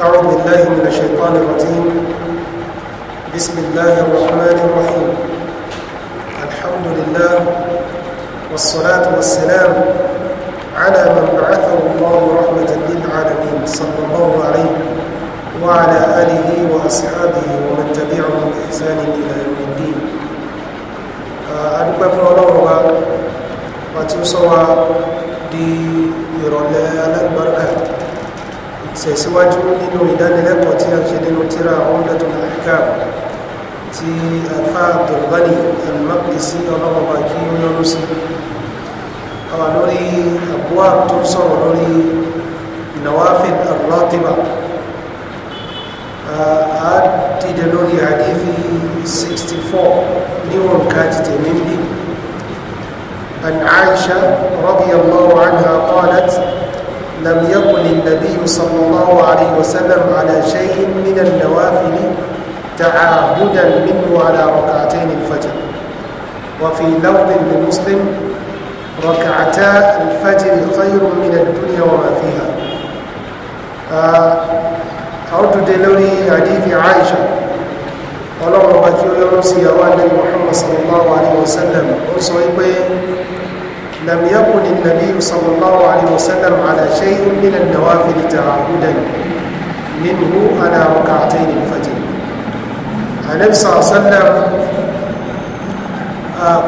أعوذ بالله من الشيطان الرجيم بسم الله الرحمن الرحيم الحمد لله والصلاة والسلام على من بعثه الله رحمة للعالمين صلى الله عليه وعلى آله وأصحابه ومن تبعهم بإحسان إلى يوم الدين آه، أدوك فلورا وتوصوا دي يرولي على البركات ìtẹ̀síwájú nínú ìdánilẹ́kọ̀ọ́ tí a ń ṣe nínú tíra Umdatul Ahkam ti afa Abdulghani al-Maqdisi ọlọ́pàá kí ó yọrù sí àwọn lórí àbúwà tó sọ̀rọ̀ lórí nawafil ar-ratiba lórí hadithi 64 níwọ̀n ká ti tẹ̀mí bí an تعاهدا منه على ركعتين الفجر وفي لفظ لمسلم ركعتا الفجر خير من الدنيا وما فيها أرد دلوري حديث عائشة ọlọ́run ọba tí ó yọ́rọ́ sí àwọn alẹ́lẹ́ Muhammad sallallahu alaihi wasallam ó sọ wípé lam yakun an-nabiy sallallahu alaihi wasallam ala shay'in min an-nawafil ta'ahudan minhu ala rak'atayn al-fajr àlẹ́bísà sẹ́lẹ̀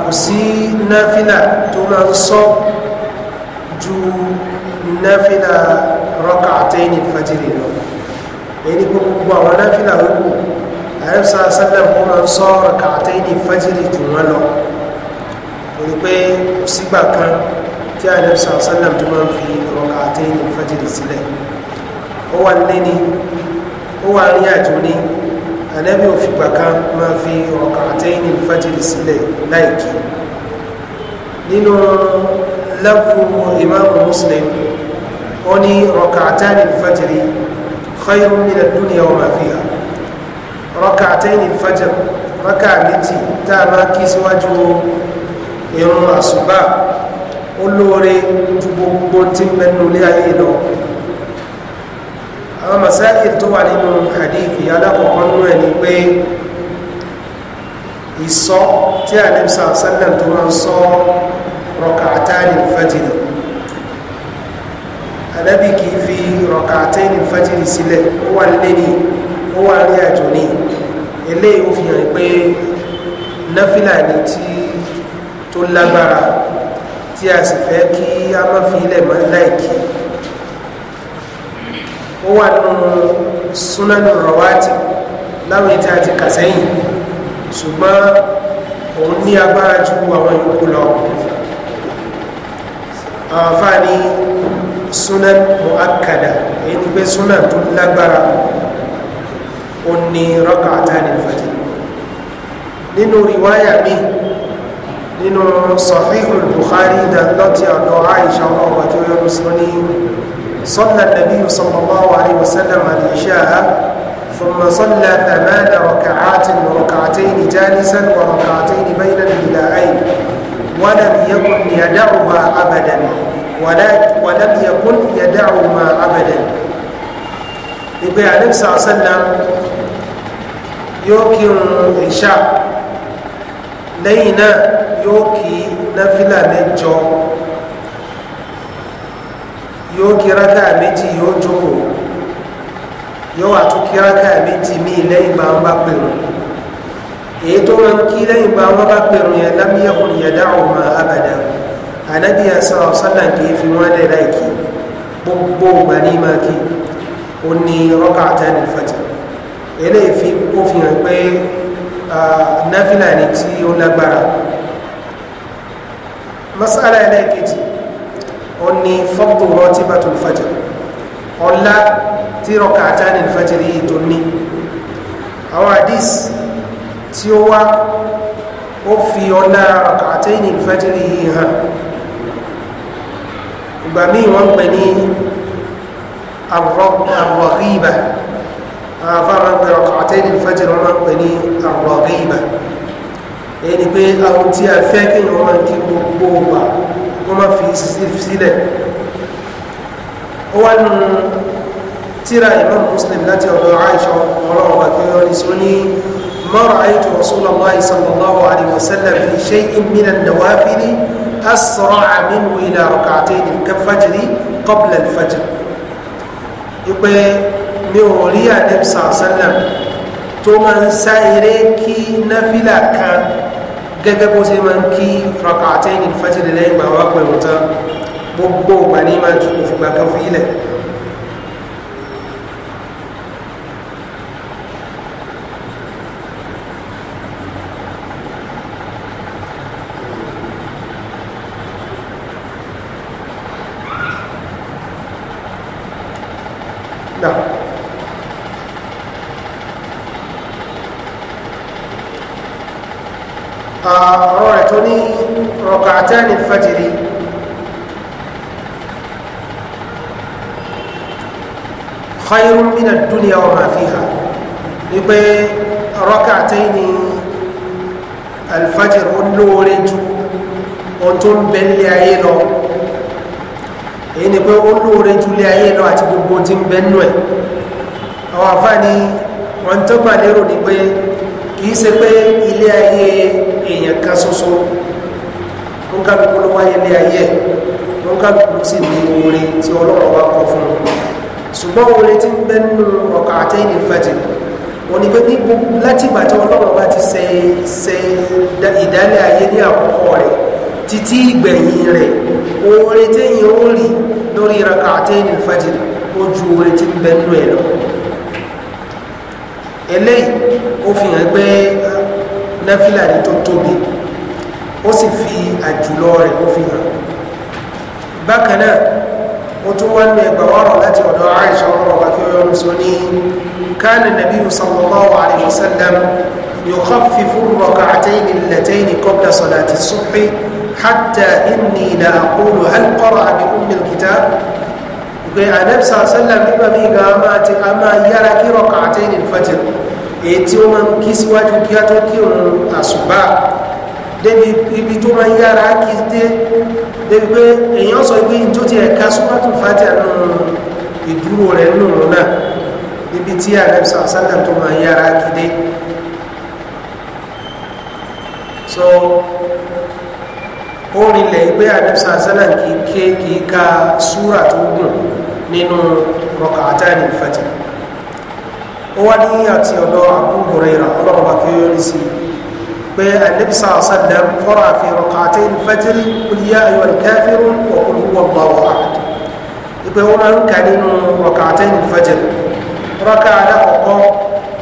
kò sí náfìlà tó máa ń sọ ju náfìlà rọ́kà àtẹ́yìn ìfàjìrì lọ èyí gbogbo àwọn náfìlà yòókù àlẹ́bísà sẹ́lẹ̀ kò máa ń sọ rọ́kà àtẹ́yìn ìfàjìrì jù wọ́n lọ torí pé kò sígbà kan tí àlẹ́bísà sẹ́lẹ̀ tó máa ń fi rọ́kà àtẹ́yìn ìfàjìrì sílẹ̀ ó wà nílé ó wà ní àjò ni anabi ò fìgbà kan máa fi rak'atayn al-fajr sílẹ̀ láìkí nínú lẹ́fù ìmáàmù muslim ó ní rak'atayn al-fajr khayrun min ad-dunya wa ma fiha rak'atayn al-fajr rákà méjì tá a máa kí síwájú ìrun àṣùbà ó lóore ju gbogbo tí ń bẹnu ayé lọ àwọn masáyì tó wà nínú hadithi alákọ̀ọ́kọ́ nínú ẹni pé ìsọ tí àdẹ́bísà sálẹ̀m tó máa ń sọ rọ̀kàtàní fẹ́jìrì àdẹ́bí kì í fi rọ̀kàtàní fẹ́jìrì sílẹ̀ ó wà nílé ní ó wà ní àjò ní eléyìí ó fi pé náfìlà ni tí tó lágbára tí a sì fẹ́ kí a má fi ilẹ̀ mọ́ láìkí ó wà nínú súnánù rọwátì láwọn ètò àti kàsẹ́yìn ṣùgbọ́n òun ní agbára ju àwọn yòókù lọ àwọn afáàní súnán muakkada èyí ni pé súnán tó lágbára ó ní rọ́kà àtàlẹ́ ìfàjẹ́ nínú riwaya mi nínú sahihul bukhari da lọ́tí ọ̀dọ̀ aisha ọlọ́ọ̀bà tó yọrù sí ní صلى النبي صلى الله عليه وسلم العشاء ثم صلى ثمان ركعات وركعتين جالسا وركعتين بين الهلاعين ولم يكن يدعها أبدا ولم يكن يدعهما أبدا يبقى عليه الصلاة والسلام يوكي العشاء لينا يوكي نفلا من جو yóò kí rákà méjì yóò jókòó yóò àtú kí rákà méjì ní lẹ́yìn bá ń bá pẹ̀rù èyí tó máa ń kí lẹ́yìn bá ń bá pẹ̀rù yẹn lámúyẹ̀kùn yẹ̀dá ọ̀mà abàdà ànábì àṣà ọ̀sánà kì í fi wọ́n lẹ̀ láìkí gbogbo ìgbà ní máa kí ó ní rọ́kà àtàn ìfàtà eléyìí fi ó fi hàn pé náfìlà ni tí ó lágbára masala ẹlẹ́ẹ̀kejì ó ní fọ́pù rọ́tíbàtù fàjẹ̀ ọlá tí rọ̀kàtà ní fàjẹ̀ yìí tó ní àwọn àdís tí ó wá ó fi ọlá rọ̀kàtà ní fàjẹ̀ yìí hàn ìgbà míì wọ́n pè ní àrọ̀gíbà àfáàmà pé rọ̀kàtà ní fàjẹ̀ wọ́n pè ní àrọ̀gíbà èyí ni pé àwọn tí a fẹ́ kí wọ́n máa kí gbogbo wa kó má fi sílẹ̀ ó wá nù tíra imam muslim láti ọ̀dọ̀ aisha ọlọ́run bá kí wọ́n sọ ní mọ́rọ̀ àìtò rasulullah sallallahu alaihi wasallam fi shay'in min an-nawafil asra'a minhu ila rak'atayn al-fajr qabla al-fajr ipe mi ò rí gẹ́gẹ́ bó ṣe máa ń kí rak'atayn al-fajr lẹ́yìn gbàwá pẹ̀lú tán gbogbo ìgbà ní máa jù kò fìgbà fi ilẹ̀ ركعتان الفجر خير من الدنيا وما فيها يبقى ركعتين الفجر ونورج وتون بلي عيلو èyí ni pé ó lóore ju ilé ayé lọ àti gbogbo tí ń bẹ nú ẹ àwọn àfáàní wọn tó gbà lérò ni pé kì í ṣe pé ilé ayé èèyàn kan ṣoṣo kálukú ló wáyé lé ayé tó ń kálukú sì ní oore tí ọlọ́run wá kọ fún un ṣùgbọ́n oore tí ń bẹ nínú ọkà àtẹ́yìn fàjì òní pé ní láti ìgbà tí ọlọ́run bá ti ṣe ṣe ìdálẹ̀ ayé ní àkọ́kọ́ rẹ̀ títí ìgbẹ̀yìn rẹ̀ oore téyìn ó rí lórí ìraka àtẹ́yìn fàjì ó ju oore tí ń bẹ nínú ẹ̀ lọ eléyìí ó fi hàn pé náfìlà ni tó tóbi ó sì fi àjùlọ rẹ̀ ó fi hàn bákan náà ó tún wá ní ẹgbà wọ́rọ̀ láti ọ̀dọ̀ Aisha ọ̀rọ̀ wà kí ó yọrù sọ ní kana nabiyyu sallallahu alayhi wa sallam yukhaffifu rak'atayn allatayn qabla salati as-subhi hatta inni la aqulu hal qara'a bi ummi al-kitab pé Ànábì sallam nígbà mí ga a ti ama yára kí rak'atayn al-fajr èyí tí ó máa ń kí síwájú kí á tó kí òun àsùbá débi ibi tó máa yára kí dé débi pé èèyàn sọ pé tó ti ẹ̀ka súpàtù fàtí àánú ìdúró rẹ̀ nùrù náà níbi tí àrẹ́bísà sálẹ̀ tó máa yára kí dé so ó rinlẹ̀ pé àrẹ́bísà sálẹ̀ kìí ké kìí ka súrà tó gùn nínú ọkà àtàrí ìfàtí ó wá ní àti ọ̀dọ̀ Abu Hurairah ọlọ́run bá yọrí sí i pé àdébísà ọ̀sẹ̀lẹ̀ fọ́rọ̀ àfihàn kàtí ìfẹ́jìrì kúlíyà ayọ̀ kẹfìrù ọ̀kúnlúwọ̀ lọ́wọ́ àkàtì ìpé wọn ń kà nínú ọ̀kàtí ìfẹ́jìrì rọ́kà alákọ̀ọ́kọ́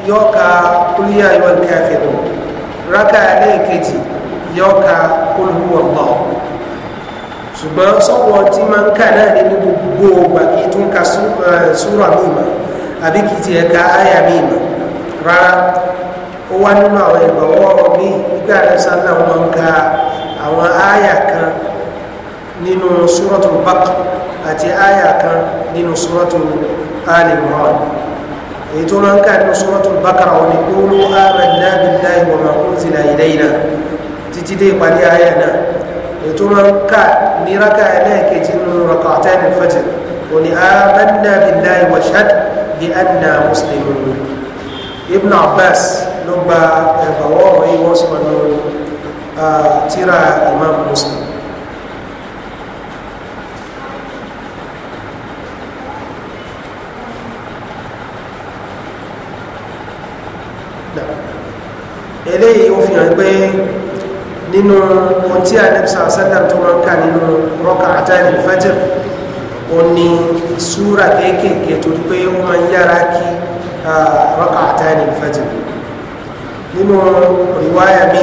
yóò ka kúlíyà ayọ̀ kẹfìrù rọ́kà alákejì yóò ka kúlúwọ̀ lọ́wọ́ ṣùgbọ́n sọ́wọ́ tí máa ń kà rárá ó wá nínú àwọn ìgbọ̀wọ́ mi nígbà alẹ́sàndà wọn ń ka àwọn áyà kan nínú suratul Baqara àti áyà kan nínú suratul Ali Imran èyí tó máa ń ka nínú suratul Baqara wọn ni qulu amanna billahi wa ma unzila títí dé ìpàdé áyà náà èyí tó máa ń ka ní rákà ẹlẹ́ẹ̀kejì nínú rak'atayni al-fajr wọn ni amanna billahi wa shahid bi anna muslimun Ibn Abbas ló gba ẹ̀bàwọ́ ọ̀rọ̀ yìí wọ́n sì wà lórí tíra imam muslim eléyìí ó fi hàn pé nínú ohun tí anabisa sallam tó máa ń kà nínú rọ́kà àtàlì fajr ó ní súra kéékèèké torí pé ó máa ń yára kí rọ́kà àtàlì fajr. nínú rìwáyà mi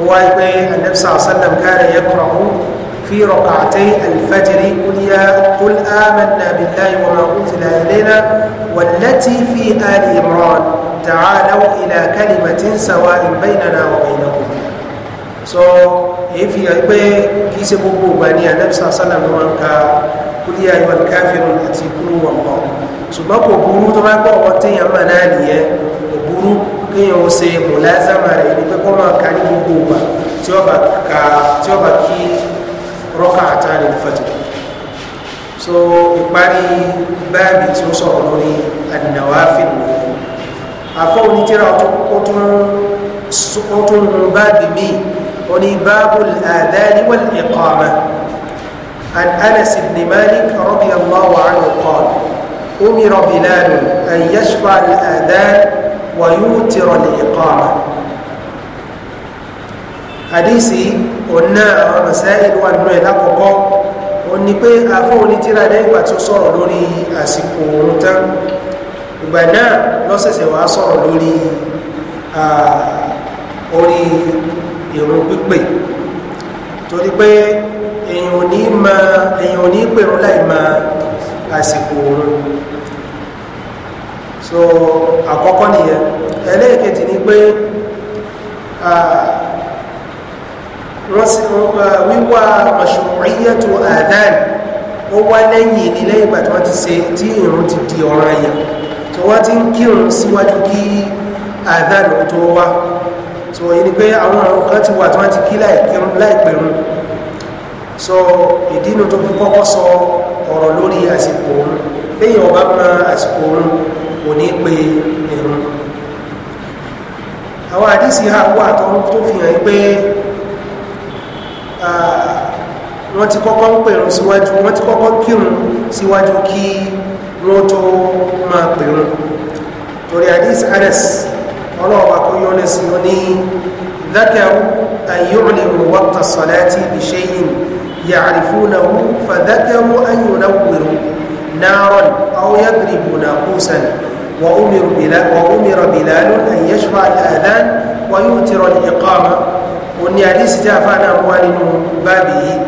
ó wáyé pé anabisa sallam kára yẹ kọrọ mú fi rọkàtẹ alifajiri kúlíà kúl ámàna bìláyì wọn máa kún tìlà ìlẹ́nà wàlẹ́tì fi àlì imran tàcáláwò ilà kálímàtì sàwà ìbẹ́yìnà wà so èyí fi hàn pé kì í ṣe gbogbo ìgbà ni anabisa sallam ló ka kúlíà ìwà káfíìn àti kúrú wọn bọ ṣùgbọ́n kò burú tó bá gbọ́ ọ̀tẹ̀yàn náà nìyẹn kò burú. kéèyàn ó ṣe mùlázàmà rẹ̀ ni pé kó máa ka ní gbogbo ìgbà tí ó bá ka tí ó bá kí rọ́kà àtàrí fàjì so ìparí báàbì tí ó sọ̀rọ̀ lórí an-nawafil àfọ́ onítìrà ó tún báàbì míì وني باب الآذان والإقامة عن أنس بن مالك رضي الله عنه قال أمر بلال أن يشفع الآذان ويوتر الإقامة حديثي ọ̀nà àwọn masáìlú wà nínú ẹ̀ lákọ̀ọ́kọ́ ó ní pé afọ́ onítìrà lẹ́yìn ìgbà tí ó sọ̀rọ̀ lórí àsìkò oorun tán ìgbà náà lọ́sẹ̀sẹ̀ wàá sọ̀rọ̀ lórí orí ìrun pípè torí pé èèyàn ò ní pèrún láì máa àsìkò oorun so àkọ́kọ́ nìyẹn ẹlẹ́ẹ̀kejì ni pé wíwá mashru'iyyatu adhan ó wá lẹ́yìn nílé ìgbà tí wọ́n ti ṣe tí ìrun ti di ọ̀ràn yẹn tó wọ́n ti ń kírun síwájú kí adhan tó wá so èyí ni pé àwọn ọ̀rọ̀ kan ti wà tí wọ́n ti kí láìpẹ̀rún so ìdínú tó fi kọ́kọ́ sọ ọ̀rọ̀ lórí àsìkò òun léyìn ọba mọ àsìkò òun kò ní pe ẹ̀rùn àwọn àdísì ha wà tó fi hàn pé wọ́n ti kọ́kọ́ ń pèrún síwájú wọ́n ti kọ́kọ́ kírun síwájú kí wọ́n tó máa pèrún torí àdísì Anas ọlọ́ọ̀bà kó yọ́nà sí ọ ní ذكروا أن يعلموا وقت الصلاة بشيء يعرفونه فذكروا نارا أو يضرب ناقوسا وأمر بلال وأمر بلال أن يشفع الآذان ويوتر الإقامة وأن حديث جافانا هو بابه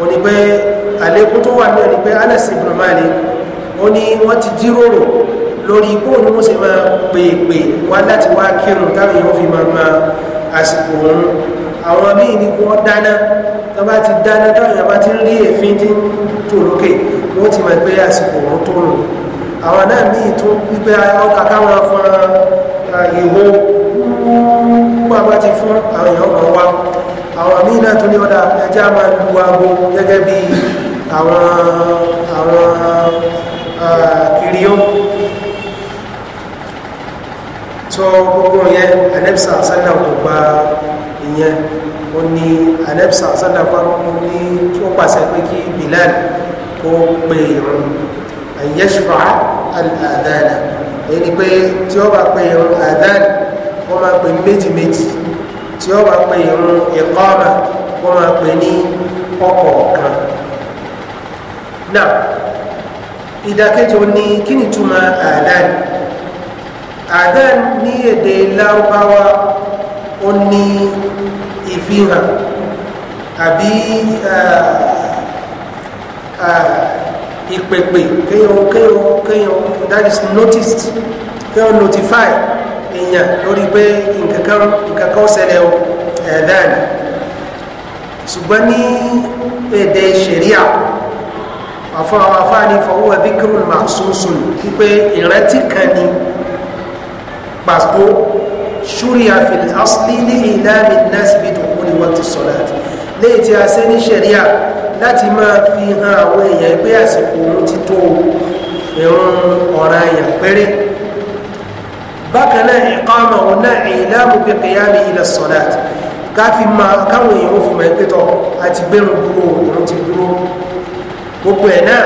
وأن عليكم توامي أن أنس بن مالك ó ní wọ́n ti jíròrò lórí bóun ni wọ́n ṣe máa pèèpè wá àwọn míì ní kí wọ́n dáná tó bá ti dáná táwọn èèyàn bá ti rí èéfín tí ń tò lókè wọ́n ti mọ̀ pé àsìkò òun tó rùn àwọn náà míì tó wípé ọkà káwọn fọn ìwo púpọ̀ bá ti fún àwọn èèyàn kan wá àwọn míì náà tó ní ọ̀dà ẹja máa lu aago gẹ́gẹ́ bí àwọn àwọn kìrìó tó gbogbo yẹn ẹ̀nẹ́bísà sẹ́lẹ̀ kò gba yẹn ó ní anẹ́bísà sádàpá ní tí ó pàṣẹ pé kí Bilal kó pe irun ayẹ́ṣfà àdáàdà èyí ni pé tí ó bá pe irun àdáàdà wọ́n máa pe méjì méjì tí ó bá pe irun ìkọ́ọ̀mà wọ́n máa pe ní ọ̀kọ̀ọ̀kan náà ìdákẹ́jọ ni kí ni túmọ̀ àdáàdà àdáàdà ní èdè lárúbáwá ó ní fi hàn àbí ìpèpè kéèyàn kéèyàn kéèyàn that is noticed kéèyàn notify èèyàn lórí pé nǹkan kan nǹkan kan ṣẹlẹ̀ o ẹ̀ẹ́dá ni ṣùgbọ́n ní èdè ṣẹ̀ríà àfọ́ àwọn afáàní fọwọ́ ẹbí kírun màá sún sùn wípé ìrántí kan ni pàtó ṣúríà fìlì asìlì ní ìlànà násìbí dùnkún ni wọ́n ti sọ̀rọ̀ àti léyìí tí a ṣe ní ṣẹ̀ríà láti máa fi hàn àwọn èèyàn pé àsìkò òun ti tó ìrun ọ̀ràn èèyàn péré bákan náà ìkọ́mà òun náà ìlànà bí kìyàmì ilẹ̀ sọ̀rọ̀ àti káwọn èèyàn ó fi mọ̀ pé tọ́ àti gbẹ̀rùn dúró òun ti dúró gbogbo ẹ̀ náà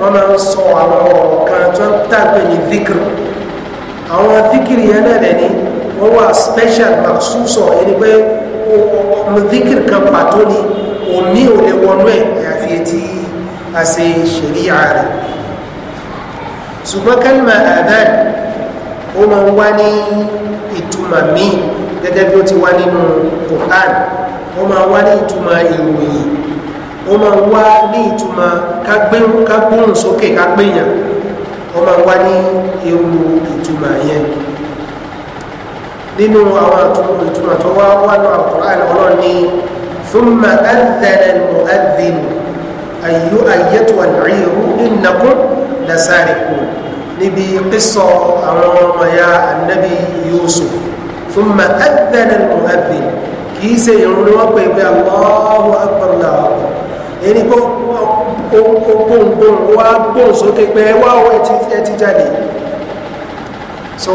wọ́n máa ń sọ àwọn ọ̀rọ̀ kan tó ń tàgbẹ̀ ní díkìrì àwọn díkìrì yẹn náà lẹ́ni wọ́n wà special maksuso ẹni pé dhikr kan pàtó ni òní ò lè wọnú ẹ̀ àfi etí àṣẹ ṣẹ̀ríyà rẹ̀ ṣùgbọ́n kálímà àdán ó máa ń wá ní ìtumà míì gẹ́gẹ́ bí ó ti wá nínú Qur'an ó máa wá ní ìtumà ìròyìn ó máa ń wá ní ìtumà kágbóhùn sókè kágbéyàn ó máa ń wá ní irú ìtumà yẹn nínú àwọn ìtumọ̀ tó wá wà ní Al-Qur'an ọlọ́run ní thumma adhana al-mu'adhdhin ayyu ayyatuha al-'iru innakum lasariqun níbi qissah àwọn ọmọ ya Annabi Yusuf thumma adhana al-mu'adhdhin kì ṣe ìrun ni pé Allahu akbar làwọn ẹni kó gbóngbóng wá gbóhùn sókè pé wá ẹ ti jáde so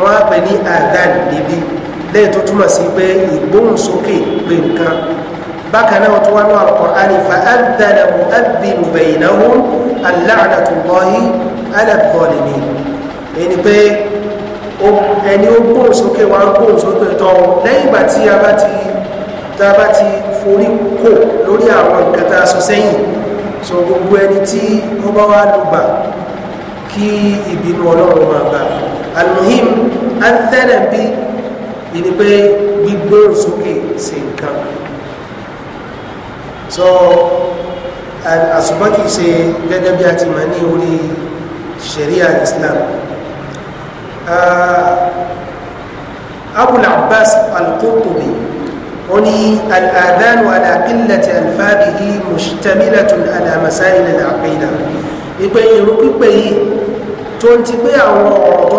wọ́n á pè ní adhan níbí lẹ́yìn tó túmọ̀ sí pé ìgbóhùnsókè pé nǹkan bákan náà tó wá ní al-Qur'an fa adhana mu'adhdhin baynahum al-la'natullahi ala adh-dhalimin ẹni pé ẹni ó gbóhùnsókè wá gbóhùnsókè tọ́ lẹ́yìn ìgbà tí a bá ti tá a bá ti forí kò lórí àwọn nǹkan tá a sọ sẹ́yìn so gbogbo ẹni tí ó bá wá lùgbà kí ìbínú ọlọ́run máa bá a almuhim anthena bí ìní pé gbígbóhùn sókè sí nǹkan so àṣùgbọ́n kìí ṣe gẹ́gẹ́ bí a ti mọ̀ ní orí sharia islam abul abbas al-qurtubi oni al'adanu ala qillati alfabihi mushtamilatun ala masail al-aqida ipe irun pípé yìí tó ń ti pé àwọn ọ̀rọ̀ tó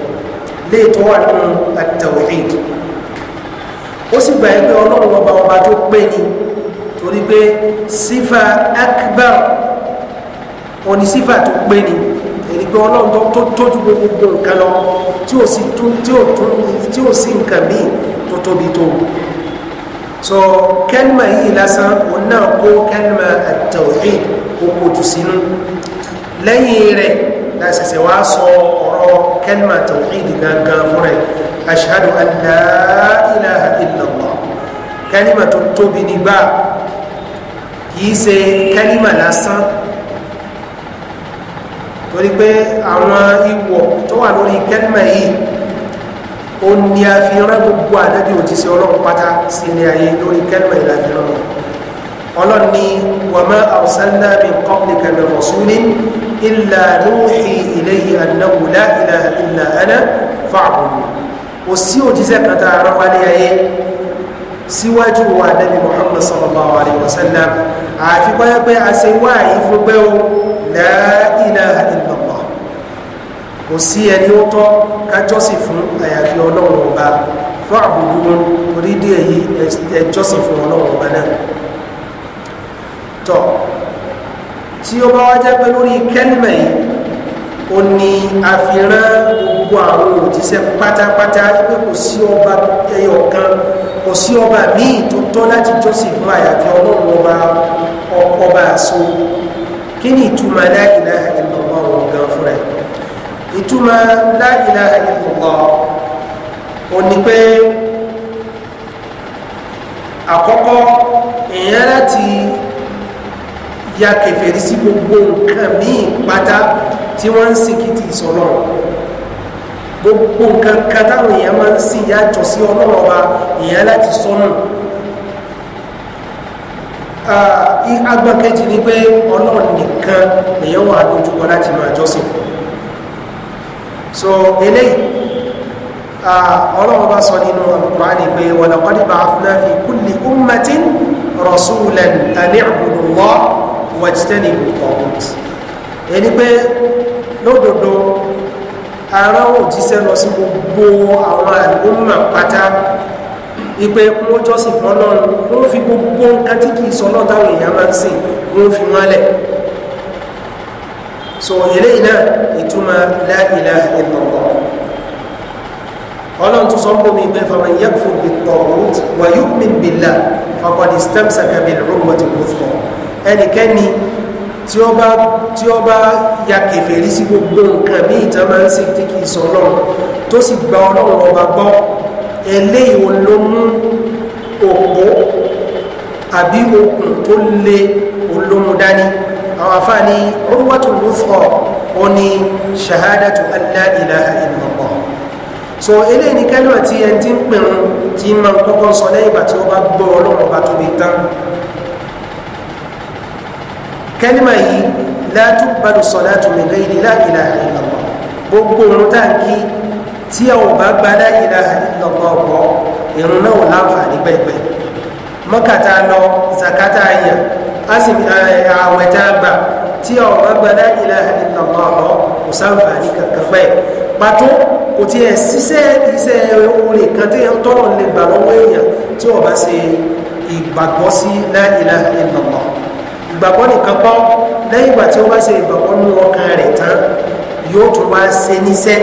léè tó wà nínú at-tawhid ó sì gbà ẹgbẹ́ ọlọ́run ọba ọba tó pé ni torí pé sífà akbar òní sífà tó pé ni èyí pé ọlọ́run tó tójú gbogbo nǹkan lọ tí ò sí nǹkan míì tó tóbi tó so kẹ́lìmà yìí lásán òun náà kó kẹ́lìmà at-tawhid kó kojú sínú lẹ́yìn rẹ̀ la wá sọ ọ̀rọ̀ kẹ́lìmà tàwíìdì gangan fúnra ẹ̀ ashhadu an la ilaha illallah kẹ́lìmà tó tóbi nígbà kìí ṣe kẹ́lìmà lásán torí pé àwọn ìwọ̀ tó wà lórí kẹ́lìmà yìí ó ní àfihàn gbogbo ànábì òjíṣẹ́ ọlọ́run pátá sí ilé ayé lórí kẹ́lìmà ìlàfihàn náà ọlọ́run ní wàmá àwùsánná mi kọ́pì kẹmẹ rọ̀súlì ilà lóhì ilé ìlànàwùlá ilà ilà ẹnà fáàbùrù kò sí òjíṣẹ́ kan tá a rán wálé ayé síwájú wa nabi muhammad sallallahu alaihi wasallam àfi kọ́yá pé a ṣe wá ìfúgbẹ́ o la ilaha illallah kò sí tọ́ tí ó bá wá jẹ́ pé lórí kẹ́lìmẹ̀ yìí ó ní àfihàn gbogbo àwọn òjíṣẹ́ pátápátá pé kò sí ọba ẹyọ kan kò sí ọba míì tó tọ́ láti jọ́sìn fún àyàfi ọlọ́run ọba ọba àṣọ kí ni ìtumọ̀ la ilaha illallah wọn gan fúnra ẹ̀ ìtumọ̀ la ilaha ó ní pé àkọ́kọ́ èèyàn láti ya kèfèrí sí gbogbo nǹkan míì pátá tí wọ́n ń sìn kìtì ìsọ̀lọ́ gbogbo nǹkan kan táwọn èèyàn máa ń sìn yàtọ̀ sí ọlọ́run ọba èèyàn láti sọ́nà agbọ́n kejì ni pé ọlọ́run nìkan èèyàn wà lójúkọ láti máa jọ́sìn so eléyìí ọlọ́run bá sọ nínú Al-Qur'ani pé walaqad ba'athna fi kulli ummatin rasulan an i'budu Allah wẹ̀títẹ́nì ọ̀hún ẹni pé lódodo ara òjíṣẹ́ lọ sí gbogbo àwọn àlùmọ̀ pátá ipe wọn jọ́sìn fún ọlọ́run wọn fi gbogbo nǹkan tí kì í sọ náà táwọn èèyàn máa ń sìn wọn fi wọn lẹ̀ so eléyìí náà ìtumọ̀ la ilaha ọlọ́run tó sọ ń bómi pé faman yakfur bit-taghut wa yu'min billah faqad istamsaka bil-urwati al-wuthqa ẹnikẹ́ni tí ó bá tí ó bá ya kèfèrí sí gbogbo nǹkan ní ìta máa ń ṣe tí kìí sọ ọlọ́run tó sì gba ọlọ́run ọba gbọ́ eléyìí ló mú òpó àbí okùn tó le olómú dání àwọn afáàní urwatul wuthqa ó ní shahadatu an la ilaha illallah so eléyìí ni kẹ́lọ́ tí ẹni tí ń pèrún tí máa ń kọ́kọ́ sọ lẹ́yìn ìgbà tí ó bá gbọ́ ọlọ́run ọba tóbi tán kẹ́límà yìí látú gbádùn sọ̀dátù mẹ́gbẹ́ ìdí láìlà ìlọ́gbọ́ gbogbo ìrun tá ń kí tí a ò bá gba láìlà ìlọ́gbọ́ ọ̀pọ̀ ìrun náà ò láǹfààní pẹ̀pẹ̀ mọ́kàtà lọ zakata yẹn a sì eh, àwẹ̀ tá a gbà tí a ò bá gba láìlà ìlọ́gbọ́ ọ̀pọ̀ kò sáǹfààní kankan pẹ̀ pàtó iṣẹ́ orin kan tí ń tọ́lọ̀ lè gbà lọ́wọ́ èèyàn tí ò bá ìgbàgbọ́ sí láìlà ìlọ́gbọ́ ìgbàgbọ́ nìkan kọ́ lẹ́yìn ìgbà tí ó bá ṣe ìgbàgbọ́ nínú ọkàn rẹ̀ tán yóò tún wá ṣe níṣẹ́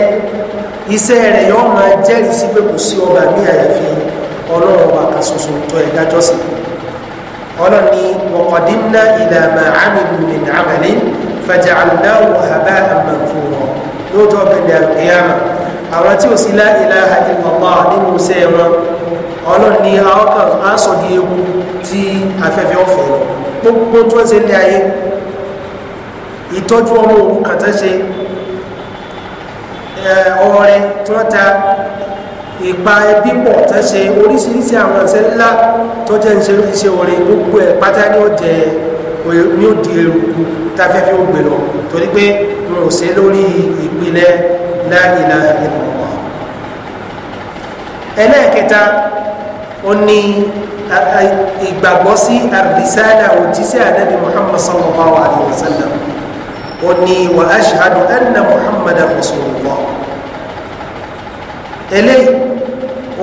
iṣẹ́ rẹ̀ yóò máa jẹ́rìí sí pé kò sí ọba ní àyàfi ọlọ́run ọba kan ṣoṣo tó ẹ̀dá jọ́sìn ọlọ́run ni wọ̀kọ̀dínná ìlànà àmìlú min amalin faja'alnahu haba'an manthura lóòótọ́ bẹ̀rẹ̀ àgbéyàmà àwọn tí ò sí la ilaha nínú iṣẹ́ wọn ọlọ́run àwọn kan á sọ di ewu tí afẹ́fẹ́ ọ̀fẹ́ lọ gbogbo tí wọ́n ṣe ní ayé ìtọ́jú ọmọ òun kàn tán ṣe ọrẹ tí wọ́n ta ìpa ẹbí pọ̀ tán ṣe oríṣiríṣi àwọn ẹ̀ṣẹ̀ ńlá tó jẹ́ ń ṣe iṣẹ́ ọrẹ gbogbo ẹ̀ pátá ní ọ̀jẹ̀ ní òdi eruku táfẹ́fẹ́ ó gbé lọ torí pé wọn ò ṣe lórí ìpìlẹ̀ la ilaha illallah ẹlẹ́ẹ̀kẹta ó ní ìgbàgbọ́ sí àrísàlà òjíṣẹ́ ànábì muhammad sallallahu alayhi wa sallam ó ní wa ashhadu anna muhammad rasulullah eléyìí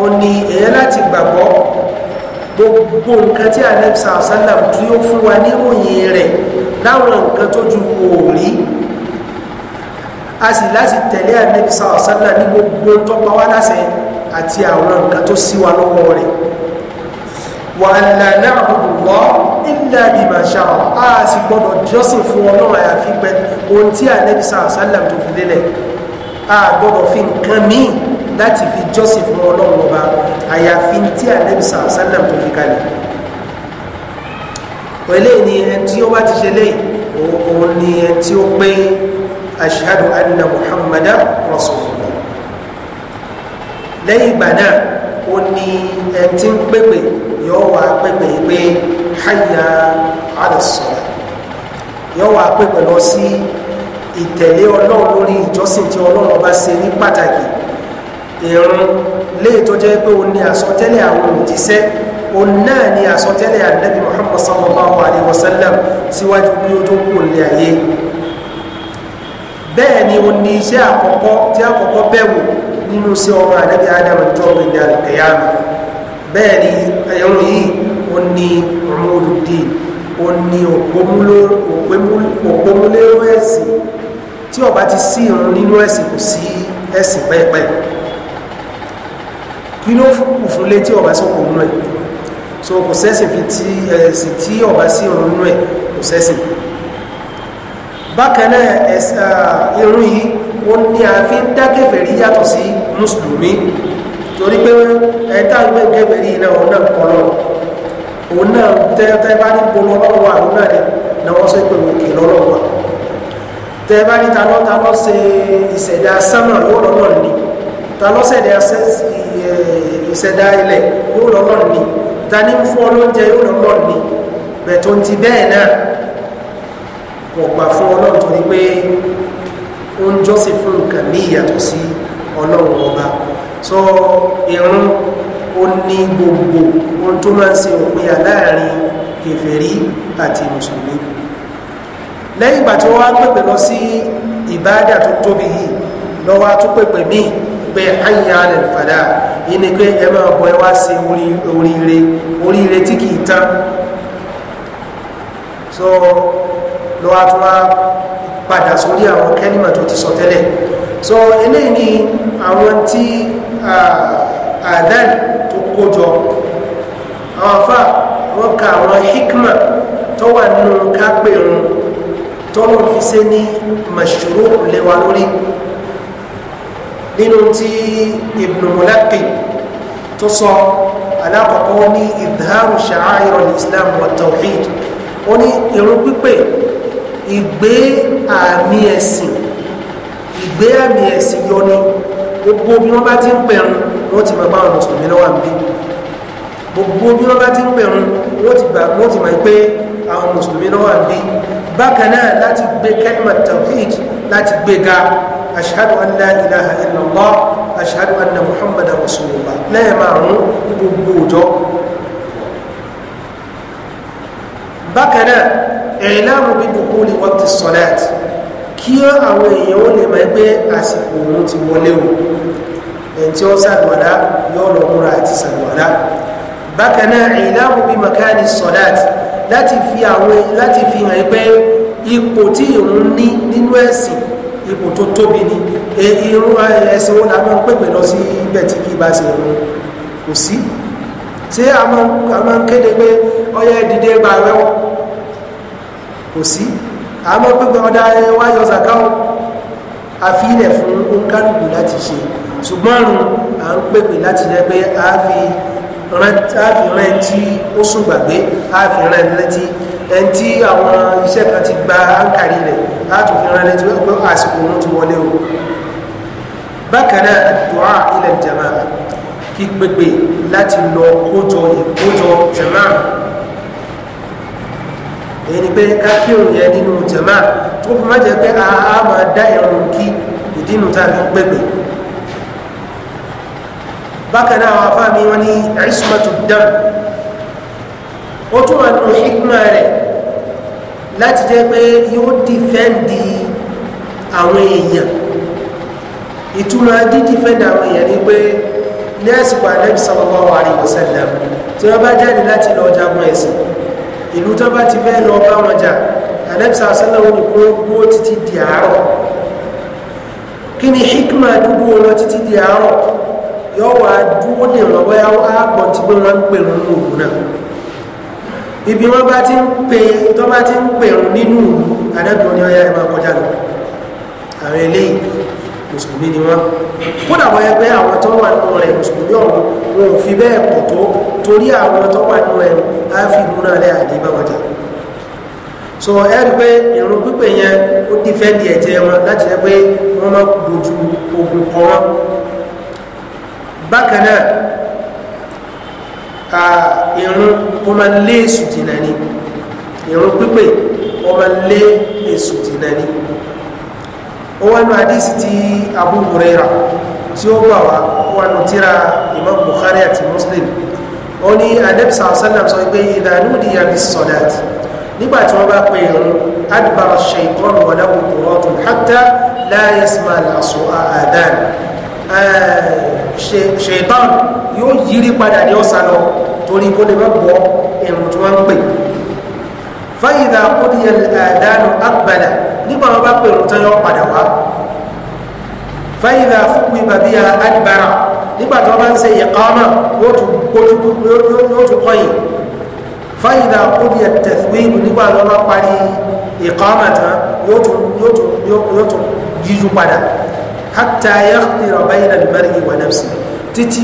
ó ní èyí láti gbàgbọ́ gbogbo nǹkan tí ànábì sallallahu alayhi wa sallam tí ó fún wa ní òyìn rẹ̀ láwọn nǹkan tó ju òòrí a sì láti tẹ̀lé ànábì sallallahu alayhi wa sallam ní gbogbo tọ́pọ̀ wá láṣẹ àti àwọn nǹkan tó sí wa lọ́wọ́ rẹ̀ wà á là náà gbogbo wọ́ ilẹ̀ ìbàṣà á sì gbọ́dọ̀ jọ́sìn fún ọlọ́run àyàfi pẹ̀ ohun tí ànẹ́bí sàásálàm tó fi lélẹ̀ á gbọ́dọ̀ fi nǹkan míì láti fi jọ́sìn fún ọlọ́run ọba àyàfi tí ànẹ́bí sàásálàm tó fi kalẹ̀ pẹ̀lẹ́ ni ẹni tí ó bá ti ṣe lẹ́yìn òun ni ẹni tí ó pé ashhadu anna muhammadan rasulullah lẹ́yìn ìgbà náà ó ní ẹni tí ń pèpè yóò wá pèpè pé hayya ala salat yóò wá pèpè lọ sí ìtẹ̀lé ọlọ́run lórí ìjọsìn tí ọlọ́run ọba ṣe ní pàtàkì ìrun léè tó jẹ́ pé ó ní àsọtẹ́lẹ̀ àwọn òjíṣẹ́ ó náà ní àsọtẹ́lẹ̀ ànábì muhammad sallallahu alayhi wa sallam síwájú bí ó tó kù lé ayé bẹ́ẹ̀ ni ó ní iṣẹ́ àkọ́kọ́ tí àkọ́kọ́ bẹ̀wò nínú sí ọmọ ànábì adam tó ọmọ ìdí àlùkẹyàmù bẹ́ẹ̀ ni ẹ̀rọ yìí ó ní ọmọdúndín ó ní òpómúlérò ẹ̀sìn tí ó bá ti sí irun nínú ẹ̀sìn kò sí ẹ̀sìn pẹ́ẹ̀pẹ́ kí ló kù fún létí ó bá sọ́kò nínú ẹ̀ so kò sẹ́sìn fi tí ẹ̀sìn tí ó sí irun nínú ẹ̀ kò sẹ́sìn bákan náà irun yìí ó ní àfi dákẹ́fẹ̀rí yàtọ̀ sí mùsùlùmí torí pé ẹ̀ta ìgbẹ́ kẹfẹ̀rí náà òun náà kọ́ lọ òun náà tẹ́ bá ní polo ọlọ́run wa òun náà ni na wọ́n sọ pé òkè lọ́rọ̀ wa tẹ́ bá ní talọ́ talọ́ ṣe ìṣẹ̀dá sánmà yóò lọ́rọ̀ ni talọ́ ṣẹ̀dá ìṣẹ̀dá ilẹ̀ yóò lọ́rọ̀ ni ta ní fún ọlọ́njẹ yóò lọ́rọ̀ ni bẹ̀tọ̀ ti bẹ́ẹ̀ náà wọ́n gbà fún ọlọ́run torí pé ó ń jọ́sìn fún nǹkan ní ìyàtọ̀ sí ọlọ́run ọba sọ irun ó ní gbogbo ohun tó máa ń ṣe òpinya láàrin kèfèrí àti mùsùlùmí lẹ́yìn ìgbà tí wọ́n wá pèpè lọ sí ìbádà tó tóbi yìí lọ́wọ́ tó pèpè míì pé àyà alẹ́ fàdà yìí ni pé ẹ máa bọ ẹ wá sí oríire oríire tí kìí tán so lọ́wọ́ tó wá padà sórí àwọn kẹ́límà tó ti sọ tẹ́lẹ̀ so eléyìí ni àwọn tí àdán tó kójọ àwọn afá wọn ka àwọn hikma tó wà nínú kápẹ̀rún tọ́lọ́ fi ṣe ní màṣúrò lẹ́wà lórí nínú tí Ibn Mulaqi tó sọ alákọ̀ọ́kọ́ ní ìdáhàrù ṣàáyọ̀rọ̀ islam wa tawhid ó ní irun pípé ìgbé àmì ẹ̀sìn ìgbé àmì ẹ̀sìn yọ ni gbogbo bí wọ́n bá ti ń pẹ̀rùn wọ́n ti máa bá àwọn mùsùlùmí lọ́wọ́ àmì gbogbo bí wọ́n bá ti ń pẹ̀rùn wọ́n ti gbà wọ́n ti máa pé àwọn mùsùlùmí lọ́wọ́ àmì bákan náà láti gbé kẹ́lìmà tawhid láti gbé ga ashhadu an la ilaha illallah ashhadu anna rasulullah lẹ́yìn márùn òjò bákan ẹ̀ẹ́láàmù bí dùkú ní wọ́pì sọ́láàt kí àwọn èèyàn ó lè mọ̀ ẹgbẹ́ àsìkò òun ti wọlé o ẹ̀yìn tí ó sàdùwàlá yóò lọ múra àti sàdùwàlá bákan náà ẹ̀ẹ́láàmù bí makani sọ́láàt láti fi àwọn láti fi hàn pé ipò tí ìrun ní nínú ẹ̀sìn ipò tó tóbi ni e, irun e, ẹ̀sìn wo la máa ń lọ sí ibẹ̀ tí kì í bá ṣe ìrun kò sí ṣé a máa ń kéde pé ọyẹ dìde gbàgbẹ́wọ̀ kò sí àmọ́ pípẹ́ ọ̀dà wa yọ sàkáwọ́ àfihàn fún oníkálùkù láti ṣe ṣùgbọ́n àrùn à ń pèpè láti lẹ́gbẹ́ àáfi rẹ̀ tí ó sùn gbàgbé àáfi rẹ̀ létí ẹni tí àwọn iṣẹ́ kan ti gba áńkàrí rẹ̀ látòfin rẹ̀ létí pé àsìkò wọn ti wọlé o bákan náà dùá ilẹ̀ jama'a kí pèpè láti lọ kójọ ìkójọ jama'a èyí pé ká kí òun yẹn nínú jàmá tó fi má jẹ́ pé a máa dá ìrun kí ìdínú tá a fi ń pèpè bákan náà àwọn afáàmì wọn ní ismatu dam ó tún wà nù hikma rẹ̀ láti jẹ́ pé yóò dìfẹ́ǹdì àwọn èèyàn ìtumọ̀ dídìfẹ́ǹdì àwọn èèyàn ni pé ní àsìkò ànábì sallallahu alaihi wasallam tí wọ́n bá jáde láti lọ jagun ẹ̀sìn ìlú tó bá ti bẹ́ẹ̀ lọ bá wọn jà alẹ́bísà sálàwọ́ ni kó dúró títí di àárọ̀ kí ni hikma dúdú wọn títí di àárọ̀ yóò wá dúró lè wọn bóyá ààbọ̀n tí wọ́n ń pè wọn lóògùn náà ibi wọn bá ti ń pè tó bá ti ń pè nínú ìlú adájọ́ ni ọ̀yá máa kọjá lọ àwọn eléyìí mùsùlùmí ni wọ́n kódà wọ́n ẹgbẹ́ àwọn tó wà nínú rẹ̀ mùsùlùmí ọ̀hún wọn ò fi bẹ́ẹ̀ pọ̀ tó torí àwọn tó wà nínú rẹ̀ á fi ìlú náà lẹ́ àdé bá wọjà so ẹ rí pé ìrun pípé yẹn ó dífẹ́ǹdì ẹ̀jẹ̀ wọn láti jẹ́ pé wọ́n máa dojú ogun kọ wọn bákan náà ìrun ó máa lé èsù dìnnà ni ìrun pípé ó máa lé èsù dìnnà ni ó wá nu àdísì ti Abu Huraira tí ó gbà wá ó wá nu tíra Imam Bukhari àti Muslim ó ní adébísà sallam sọ pé ìdánù ní yàrá sọdát nígbà tí wọ́n bá pè é adbara shaytan wàláwù kùrọ́tù hatta la yasma al-aswa àdán ṣètàn yóò yírí padà ní ọ̀sán lọ torí kó lè má bọ́ ẹ̀rùn tí wọ́n ń pè fáyidà kó ní àdánù àgbàdà nígbà wọn bá pè ní tán yọ padà wá fáyidà fúnpù ìbàbí ya adìbára nígbà tí wọn bá ń ṣe ìkọ́mà yóò tún kọ́yìn fáyidà kúrò yẹ tẹ̀síwìmù nígbà wọn bá parí ìkọ́mà tán yóò tún yíjú padà hátà yẹ kúrò báyìí nà lùmẹ́rì wà nẹ́fsì títí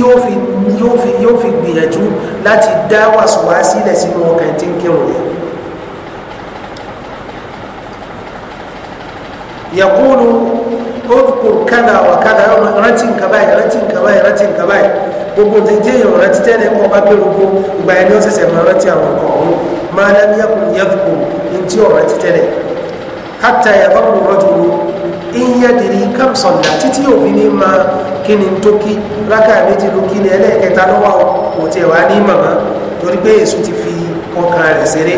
yóò fi gbìyànjú láti dá wàsùwàsí lẹ̀ sínú ọkàn tí ń kírun yẹn yaqulu udhkur kada wa kada yóò máa rántí nǹkan báyìí rántí nǹkan báyìí rántí nǹkan báyìí gbogbo tètè yóò rántí tẹ́lẹ̀ kọ́ bá bẹ̀rù kó ìgbà yẹn ni ó ṣẹ̀ṣẹ̀ máa rántí àwọn nǹkan ọ̀hún máa lẹ́nu yaqulu yẹ́fùkù ntí yóò rántí tẹ́lẹ̀ hatta yàgbọ́n rọ́jòló ìyẹ́dìrí kàmsọ̀nà títí òfin ní máa kí ni tó kí rákà méjì ló kí ni ẹlẹ́ẹ̀kẹta lọ́wọ́ kò tiẹ̀ wá ní màmá torí pé èso ti fi ọkàn rẹ̀ ṣeré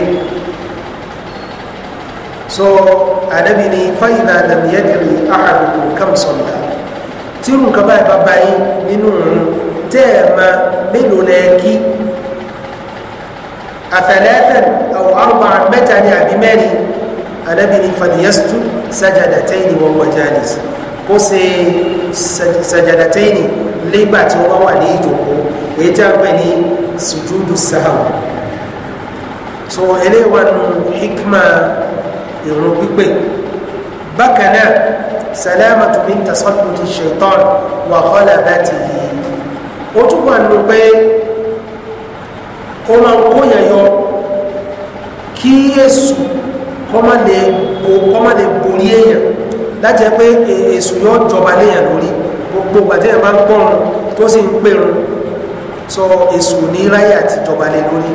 so ànábì ni fáyidà lẹ́nu yẹ́dìrì àhàdùkù kàmsọ̀nà tí nǹkan báyìí bá báyìí nínú òun tẹ́ ẹ̀ ma mélòó lẹ́ kí àfẹ̀lẹ́fẹ̀n àwọn àrùbà mẹ́ta ní àbí mẹ́rin ànábì ni fàdíyẹ́sùtù sájàdàtẹ́yìn wọ́n wọ́n jáde kó ṣe sàjàdàtẹ́yìn nígbà tí wọ́n wà ní ìjòkó èyí tí a pè ní sùjúdù sáhàwù so eléwà nù hikma ìrun pípé bákan náà salamatu min tasalluti shaitan wa ghalabatihi ó tún wà nínú pé ó máa ń kóyàn yọ kí èsù kọ́ má lè borí èèyàn láti ẹ pé èsù yóò jọba léèyàn lórí gbogbo gbàtí ẹ̀ máa ń gbọ́run tó sì ń pèrun sọ èsù ní ráyè àti jọba lé lórí